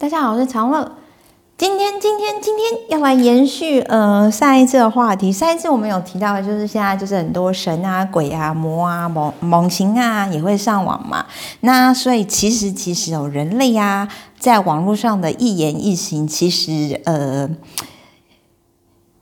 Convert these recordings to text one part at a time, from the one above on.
大家好，我是常樂。今天，今天，今天要來延續呃上一次的話題。上一次我們有提到，就是現在就是很多神啊、鬼啊、魔啊、猛猛禽啊也會上網嘛。那所以其實其實有、哦、人類呀、啊，在網絡上的一言一行，其實呃。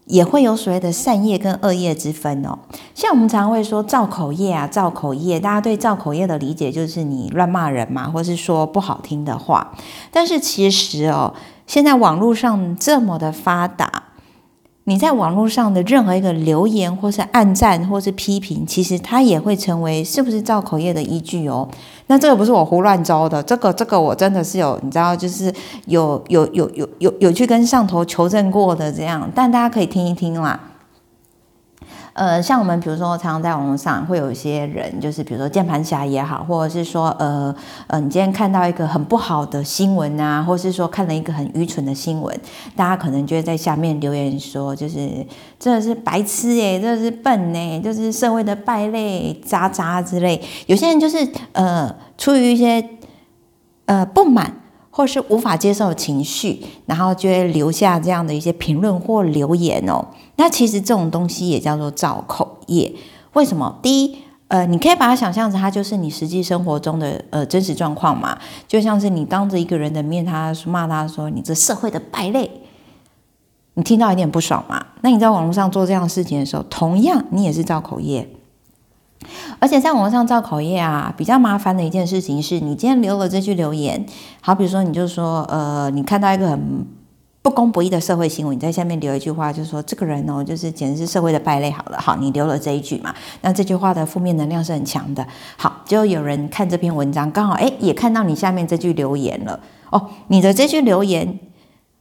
也會有所謂的善業跟惡業之分哦。像我們常會說造口業啊，造口業，大家對造口業的理解就是你亂罵人嘛，或是說不好聽的話。但是其實哦，現在網絡上這麼的發達。你在網絡上的任何一個留言，或是按讚，或是批評，其實它也會成為是不是造口業的依據哦。那這個不是我胡亂謅的，這個這個我真的是有，你知道，就是有有有有有有去跟上頭求證過的這樣。但大家可以聽一聽啦。呃，像我們比如說，常常在網絡上會有一些人，就是比如說鍵盤俠也好，或者是說，呃，嗯、呃，你今天看到一個很不好的新聞啊，或是說看了一個很愚蠢的新聞，大家可能就會在下面留言說，就是真的是白痴誒、欸，真的是笨誒、欸，就是社會的敗類、渣渣之類。有些人就是呃，出於一些呃不滿。或是無法接受情緒，然後就會留下這樣的一些評論或留言哦。那其實這種東西也叫做造口業。為什麼？第一，呃，你可以把它想象成它就是你實際生活中的呃真實狀況嘛。就像是你當着一個人的面，他罵他說你這社會的敗類，你聽到有點不爽嘛。那你在網絡上做這樣的事情的時候，同樣你也是造口業。而且在網上造口業啊，比較麻煩的一件事情是，你今天留了這句留言，好，比如說你就說，呃，你看到一個很不公不義的社會新聞，你在下面留一句話就，就是說這個人哦，就是簡直是社會的敗類。好了，好，你留了這一句嘛，那這句話的負面能量是很強的。好，就有人看這篇文章，剛好哎、欸，也看到你下面這句留言了。哦，你的這句留言，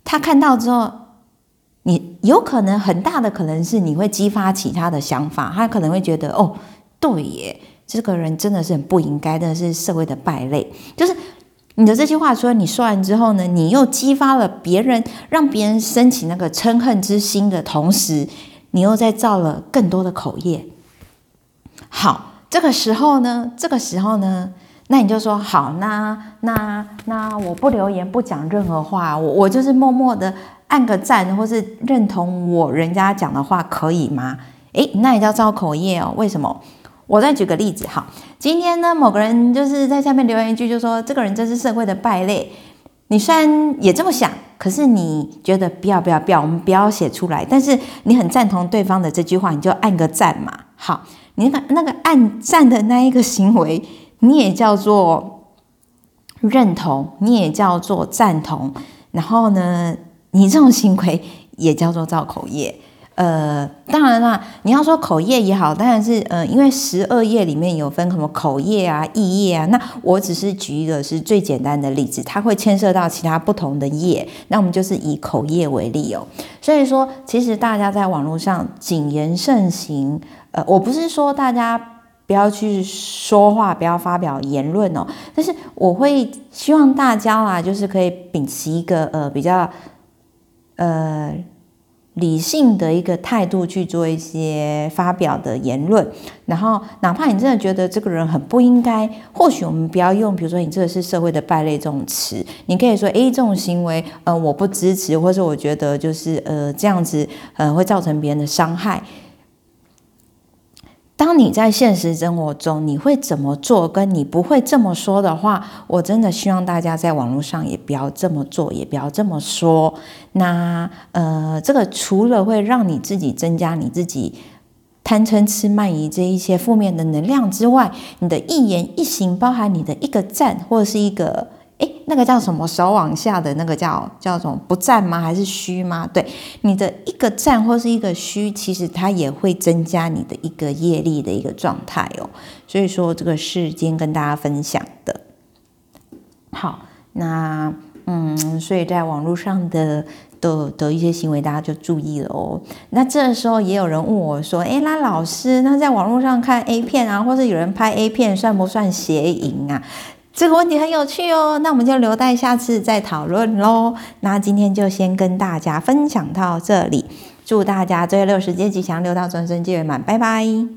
他看到之後，你有可能很大的可能是你會激發起他的想法，他可能會覺得哦。對耶，這個人真的是很不應該的，的是社會的敗類。就是你的這句話說你說完之後呢，你又激發了別人，讓別人升起那個嗔恨之心的同時，你又再造了更多的口業。好，這個時候呢，這個時候呢，那你就說好，那那那我不留言，不講任何話，我我就是默默的按個讚，或是認同我人家講的話，可以嗎？誒，那也叫造口業哦，為什麼？我再舉個例子哈，今天呢，某個人就是在下面留言一句，就說這個人真是社會的敗類。你雖然也這麼想，可是你覺得不要不要不要，我們不要寫出來。但是你很贊同對方的這句話，你就按個讚嘛。好，你看、那個、那個按讚的那一個行為，你也叫做認同，你也叫做贊同。然後呢，你這種行為也叫做造口業。呃，當然啦，你要說口業也好，當然是呃，因為十二業裡面有分什麼口業啊、意業啊。那我只是舉一個是最簡單的例子，它會牽涉到其他不同的業。那我們就是以口業為例哦。所以說，其實大家在網絡上謹言慎行。呃，我不是說大家不要去說話，不要發表言論哦，但是我會希望大家啊，就是可以秉持一個呃比較呃。理性的一個態度去做一些發表的言論，然後哪怕你真的覺得這個人很不應該，或許我們不要用，比如說你這個是社會的敗類這種詞，你可以說，誒，這種行為，嗯、呃，我不支持，或者我覺得就是，呃，這樣子，呃，會造成別人的傷害。當你在現實生活中，你會怎麼做？跟你不會這麼說的話，我真的希望大家在網絡上也不要這麼做，也不要這麼說。那呃，這個除了會讓你自己增加你自己貪嗔痴慢疑這一些負面的能量之外，你的一言一行，包含你的一個讚或者是一個。那個叫什麼手往下的那個叫叫什麼，不讚嗎？還是虛嗎？對，你的一個讚或是一個虛，其實它也會增加你的一個業力的一個狀態哦。所以說這個是今天跟大家分享的。嗯、好，那嗯，所以在網絡上的的的一些行為，大家就注意了哦。那這時候也有人問我說：“誒，那老師，那在網絡上看 A 片啊，或是有人拍 A 片，算不算邪淫啊？”這個問題很有趣哦，那我們就留待下次再討論嘍。那今天就先跟大家分享到這裡，祝大家晝夜六時吉祥，六道眾生皆圓滿，拜拜。